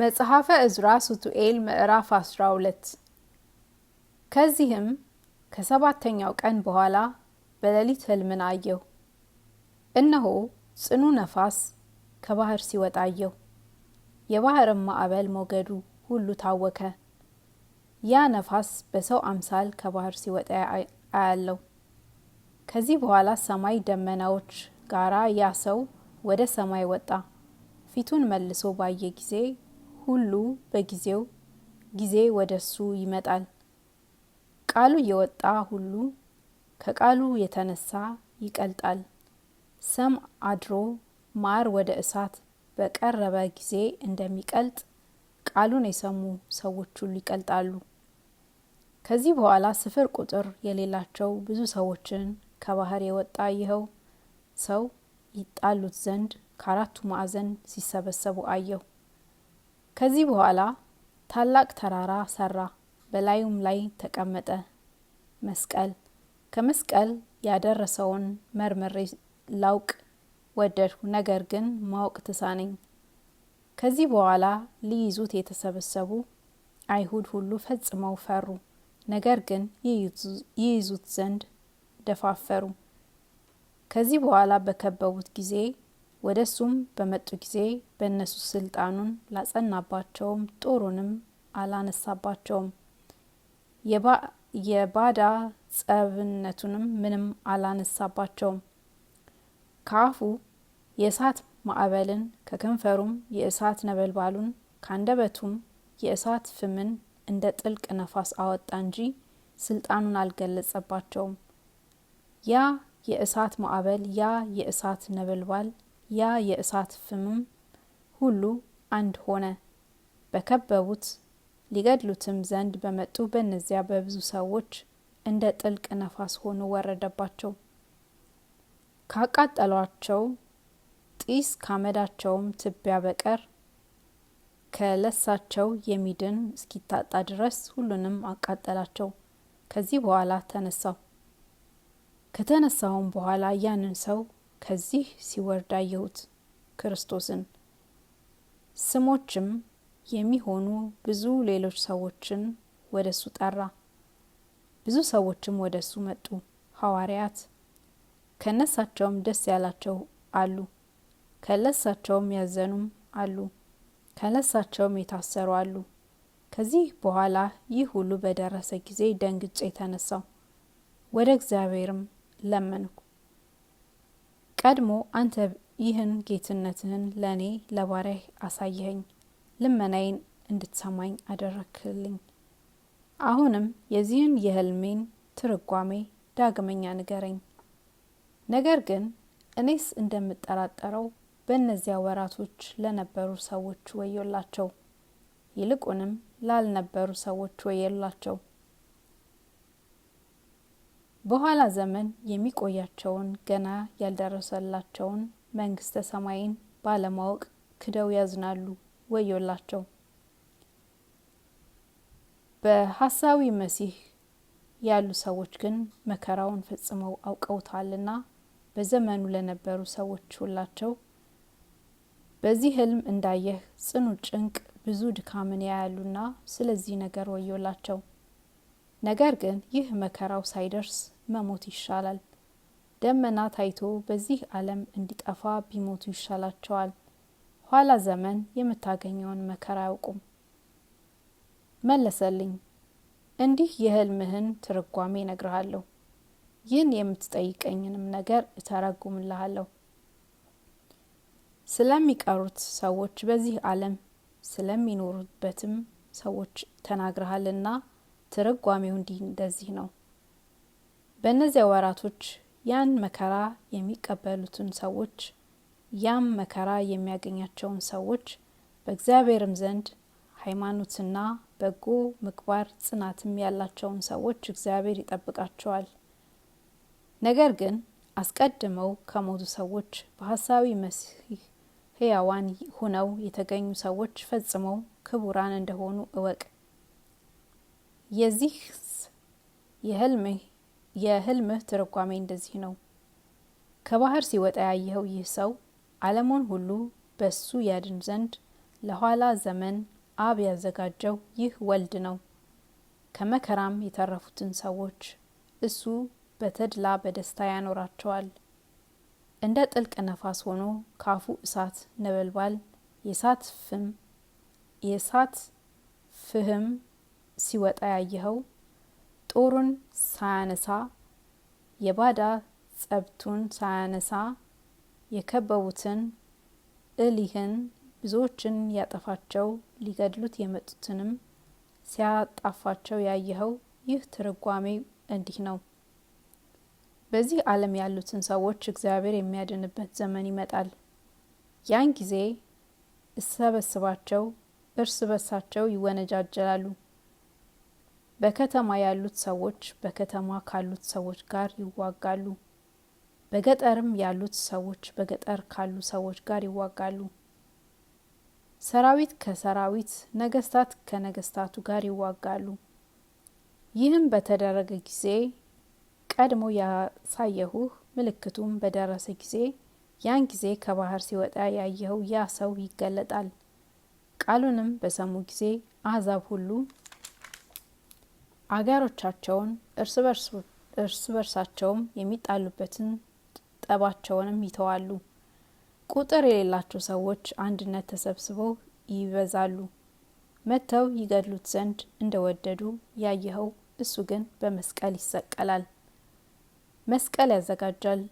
መጽሐፈ ዕዝራ ሱቱኤል ምዕራፍ 12 ከዚህም ከሰባተኛው ቀን በኋላ በሌሊት ህልምን አየሁ። እነሆ ጽኑ ነፋስ ከባህር ሲወጣ አየሁ። የባህርም ማዕበል ሞገዱ ሁሉ ታወከ። ያ ነፋስ በሰው አምሳል ከባህር ሲወጣ አያለው። ከዚህ በኋላ ሰማይ ደመናዎች ጋራ ያ ሰው ወደ ሰማይ ወጣ። ፊቱን መልሶ ባየ ጊዜ ሁሉ በጊዜው ጊዜ ወደ እሱ ይመጣል። ቃሉ የወጣ ሁሉ ከቃሉ የተነሳ ይቀልጣል። ሰም አድሮ ማር ወደ እሳት በቀረበ ጊዜ እንደሚቀልጥ ቃሉን የሰሙ ሰዎች ሁሉ ይቀልጣሉ። ከዚህ በኋላ ስፍር ቁጥር የሌላቸው ብዙ ሰዎችን ከባህር የወጣ ይኸው ሰው ይጣሉት ዘንድ ከአራቱ ማዕዘን ሲሰበሰቡ አየሁ። ከዚህ በኋላ ታላቅ ተራራ ሰራ፣ በላዩም ላይ ተቀመጠ። መስቀል ከመስቀል ያደረሰውን መርምሬ ላውቅ ወደድሁ፣ ነገር ግን ማወቅ ትሳነኝ! ከዚህ በኋላ ሊይዙት የተሰበሰቡ አይሁድ ሁሉ ፈጽመው ፈሩ፣ ነገር ግን ይይዙት ዘንድ ደፋፈሩ። ከዚህ በኋላ በከበቡት ጊዜ ወደ እሱም በመጡ ጊዜ በእነሱ ስልጣኑን ላጸናባቸውም ጦሩንም አላነሳባቸውም። የባዳ ጸብነቱንም ምንም አላነሳባቸውም። ከአፉ የእሳት ማዕበልን ከከንፈሩም የእሳት ነበልባሉን ከአንደበቱም የእሳት ፍምን እንደ ጥልቅ ነፋስ አወጣ እንጂ ስልጣኑን አልገለጸባቸውም። ያ የእሳት ማዕበል ያ የእሳት ነበልባል ያ የእሳት ፍምም ሁሉ አንድ ሆነ። በከበቡት ሊገድሉትም ዘንድ በመጡ በነዚያ በብዙ ሰዎች እንደ ጥልቅ ነፋስ ሆኖ ወረደባቸው። ካቃጠሏቸው ጢስ ካመዳቸውም ትቢያ በቀር ከለሳቸው የሚድን እስኪታጣ ድረስ ሁሉንም አቃጠላቸው። ከዚህ በኋላ ተነሳው። ከተነሳውም በኋላ ያንን ሰው ከዚህ ሲወርድ አየሁት ክርስቶስን። ስሞችም የሚሆኑ ብዙ ሌሎች ሰዎችን ወደ እሱ ጠራ። ብዙ ሰዎችም ወደ እሱ መጡ፣ ሐዋርያት ከነሳቸውም ደስ ያላቸው አሉ፣ ከለሳቸውም ያዘኑም አሉ፣ ከለሳቸውም የታሰሩ አሉ። ከዚህ በኋላ ይህ ሁሉ በደረሰ ጊዜ ደንግጬ ተነሳው፣ ወደ እግዚአብሔርም ለመንኩ። ቀድሞ አንተ ይህን ጌትነትህን ለእኔ ለባሪያህ አሳየኸኝ፣ ልመናዬን እንድትሰማኝ አደረክልኝ። አሁንም የዚህን የህልሜን ትርጓሜ ዳግመኛ ንገረኝ። ነገር ግን እኔስ እንደምጠራጠረው በእነዚያ ወራቶች ለነበሩ ሰዎች ወዮላቸው፣ ይልቁንም ላልነበሩ ሰዎች ወዮላቸው። በኋላ ዘመን የሚቆያቸውን ገና ያልደረሰላቸውን መንግስተ ሰማይን ባለማወቅ ክደው ያዝናሉ። ወዮላቸው! በሀሳዊ መሲህ ያሉ ሰዎች ግን መከራውን ፈጽመው አውቀውታልና በዘመኑ ለነበሩ ሰዎች ሁላቸው በዚህ ህልም እንዳየህ ጽኑ ጭንቅ ብዙ ድካምን ያያሉና ስለዚህ ነገር ወዮላቸው። ነገር ግን ይህ መከራው ሳይደርስ መሞት ይሻላል። ደመና ታይቶ በዚህ ዓለም እንዲጠፋ ቢሞቱ ይሻላቸዋል። ኋላ ዘመን የምታገኘውን መከራ አያውቁም። መለሰልኝ፣ እንዲህ የህልምህን ትርጓሜ እነግርሃለሁ፣ ይህን የምትጠይቀኝንም ነገር እተረጉምልሃለሁ። ስለሚቀሩት ሰዎች በዚህ ዓለም ስለሚኖሩበትም ሰዎች ተናግረሃልና ትርጓሜው እንዲህ እንደዚህ ነው። በእነዚያ ወራቶች ያን መከራ የሚቀበሉትን ሰዎች ያም መከራ የሚያገኛቸውን ሰዎች በእግዚአብሔርም ዘንድ ሃይማኖትና በጎ ምግባር ጽናትም ያላቸውን ሰዎች እግዚአብሔር ይጠብቃቸዋል። ነገር ግን አስቀድመው ከሞቱ ሰዎች በሀሳዊ መሲህ ህያዋን ሆነው የተገኙ ሰዎች ፈጽመው ክቡራን እንደሆኑ እወቅ። የዚህ የህልምህ የህልምህ ትርጓሜ እንደዚህ ነው። ከባህር ሲወጣ ያየኸው ይህ ሰው ዓለሙን ሁሉ በሱ ያድን ዘንድ ለኋላ ዘመን አብ ያዘጋጀው ይህ ወልድ ነው። ከመከራም የተረፉትን ሰዎች እሱ በተድላ በደስታ ያኖራቸዋል። እንደ ጥልቅ ነፋስ ሆኖ ካፉ እሳት ነበልባል የእሳት ፍም የእሳት ፍህም ሲወጣ ያየኸው ጦሩን ሳያነሳ የባዳ ጸብቱን ሳያነሳ የከበቡትን እሊህን ብዙዎችን ያጠፋቸው ሊገድሉት የመጡትንም ሲያጣፋቸው ያየኸው ይህ ትርጓሜ እንዲህ ነው። በዚህ ዓለም ያሉትን ሰዎች እግዚአብሔር የሚያድንበት ዘመን ይመጣል። ያን ጊዜ እሰበስባቸው፣ እርስ በሳቸው ይወነጃጀላሉ በከተማ ያሉት ሰዎች በከተማ ካሉት ሰዎች ጋር ይዋጋሉ። በገጠርም ያሉት ሰዎች በገጠር ካሉ ሰዎች ጋር ይዋጋሉ። ሰራዊት ከሰራዊት፣ ነገስታት ከነገስታቱ ጋር ይዋጋሉ። ይህም በተደረገ ጊዜ ቀድሞ ያሳየሁህ ምልክቱም በደረሰ ጊዜ ያን ጊዜ ከባህር ሲወጣ ያየኸው ያ ሰው ይገለጣል። ቃሉንም በሰሙ ጊዜ አሕዛብ ሁሉ አገሮቻቸውን እርስ በርሳቸውም የሚጣሉበትን ጠባቸውንም ይተዋሉ። ቁጥር የሌላቸው ሰዎች አንድነት ተሰብስበው ይበዛሉ። መጥተው ይገድሉት ዘንድ እንደ ወደዱ ያየኸው፣ እሱ ግን በመስቀል ይሰቀላል። መስቀል ያዘጋጃል፣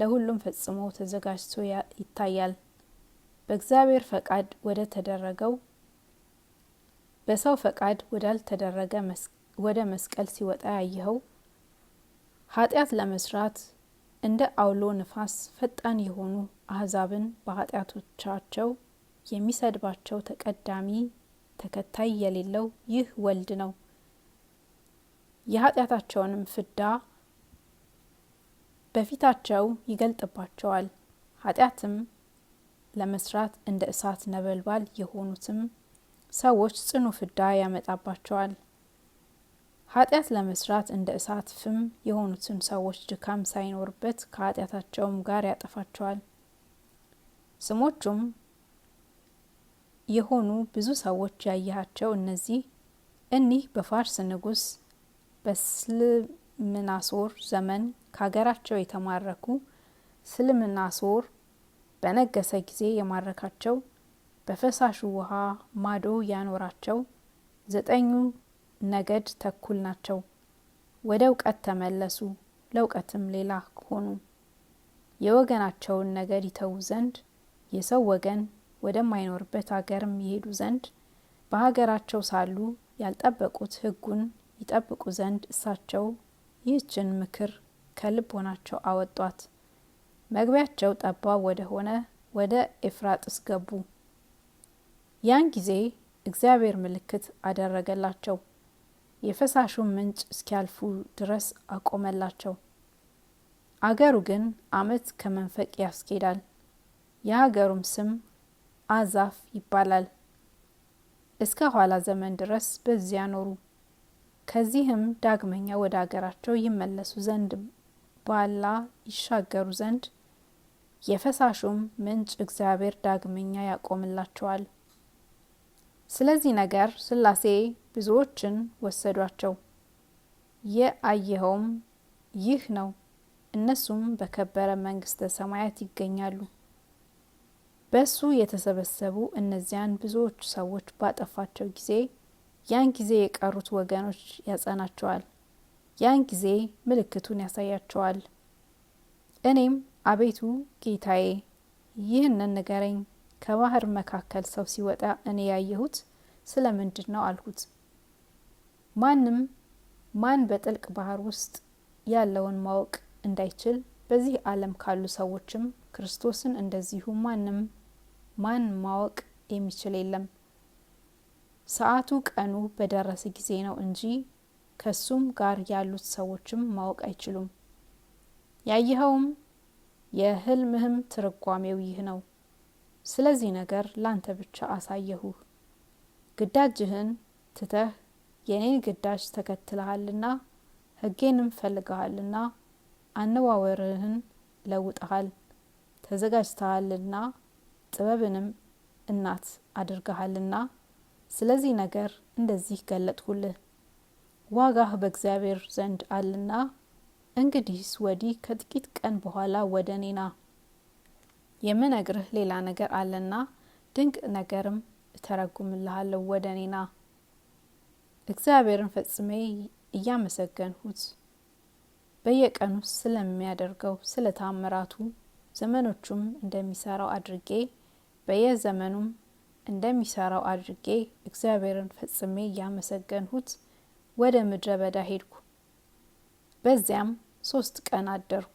ለሁሉም ፈጽሞ ተዘጋጅቶ ይታያል። በእግዚአብሔር ፈቃድ ወደ ተደረገው በሰው ፈቃድ ወዳልተደረገ መስቀል ወደ መስቀል ሲወጣ ያየኸው ኃጢአት ለመስራት እንደ አውሎ ንፋስ ፈጣን የሆኑ አህዛብን በኃጢአቶቻቸው የሚሰድባቸው ተቀዳሚ ተከታይ የሌለው ይህ ወልድ ነው። የኃጢአታቸውንም ፍዳ በፊታቸው ይገልጥባቸዋል። ኃጢአትም ለመስራት እንደ እሳት ነበልባል የሆኑትም ሰዎች ጽኑ ፍዳ ያመጣባቸዋል። ኃጢአት ለመስራት እንደ እሳት ፍም የሆኑትን ሰዎች ድካም ሳይኖርበት ከኃጢአታቸውም ጋር ያጠፋቸዋል። ስሞቹም የሆኑ ብዙ ሰዎች ያየሃቸው እነዚህ እኒህ በፋርስ ንጉስ በስልምናሶር ዘመን ከሀገራቸው የተማረኩ ስልምናሶር በነገሰ ጊዜ የማረካቸው በፈሳሹ ውሃ ማዶ ያኖራቸው ዘጠኙ ነገድ ተኩል ናቸው። ወደ እውቀት ተመለሱ፣ ለእውቀትም ሌላ ሆኑ። የወገናቸውን ነገድ ይተዉ ዘንድ የሰው ወገን ወደማይኖርበት አገርም ይሄዱ ዘንድ በሀገራቸው ሳሉ ያልጠበቁት ሕጉን ይጠብቁ ዘንድ እሳቸው ይህችን ምክር ከልቦናቸው አወጧት። መግቢያቸው ጠባብ ወደ ሆነ ወደ ኤፍራጥስ ገቡ። ያን ጊዜ እግዚአብሔር ምልክት አደረገላቸው። የፈሳሹን ምንጭ እስኪያልፉ ድረስ አቆመላቸው። አገሩ ግን ዓመት ከመንፈቅ ያስኬዳል። የሀገሩም ስም አዛፍ ይባላል። እስከ ኋላ ዘመን ድረስ በዚያ ኖሩ። ከዚህም ዳግመኛ ወደ አገራቸው ይመለሱ ዘንድ ባላ ይሻገሩ ዘንድ የፈሳሹም ምንጭ እግዚአብሔር ዳግመኛ ያቆምላቸዋል። ስለዚህ ነገር ስላሴ ብዙዎችን ወሰዷቸው። የአየኸውም ይህ ነው። እነሱም በከበረ መንግስተ ሰማያት ይገኛሉ። በሱ የተሰበሰቡ እነዚያን ብዙዎች ሰዎች ባጠፋቸው ጊዜ ያን ጊዜ የቀሩት ወገኖች ያጸናቸዋል። ያን ጊዜ ምልክቱን ያሳያቸዋል። እኔም አቤቱ ጌታዬ ይህንን ንገረኝ፣ ከባህር መካከል ሰው ሲወጣ እኔ ያየሁት ምንድን ነው አልኩት። ማንም ማን በጥልቅ ባህር ውስጥ ያለውን ማወቅ እንዳይችል በዚህ ዓለም ካሉ ሰዎችም ክርስቶስን እንደዚሁ ማንም ማን ማወቅ የሚችል የለም። ሰዓቱ ቀኑ በደረሰ ጊዜ ነው እንጂ ከሱም ጋር ያሉት ሰዎችም ማወቅ አይችሉም። ያየኸውም የህልምህም ትርጓሜው ይህ ነው። ስለዚህ ነገር ላንተ ብቻ አሳየሁህ። ግዳጅህን ትተህ የኔን ግዳጅ ተከትለሃልና ህጌንም ፈልገሃልና አነዋወርህን ለውጠሃል ተዘጋጅተሃልና ጥበብንም እናት አድርገሃልና ስለዚህ ነገር እንደዚህ ገለጥሁልህ። ዋጋህ በእግዚአብሔር ዘንድ አለና እንግዲህስ ወዲህ ከጥቂት ቀን በኋላ ወደ እኔና የምነግርህ ሌላ ነገር አለና ድንቅ ነገርም እተረጉምልሃለሁ። ወደ እኔና ና። እግዚአብሔርን ፈጽሜ እያመሰገንሁት በየቀኑ ስለሚያደርገው ስለ ታምራቱ ዘመኖቹም እንደሚሰራው አድርጌ በየዘመኑም እንደሚሰራው አድርጌ እግዚአብሔርን ፈጽሜ እያመሰገንሁት ወደ ምድረ በዳ ሄድኩ። በዚያም ሶስት ቀን አደርኩ።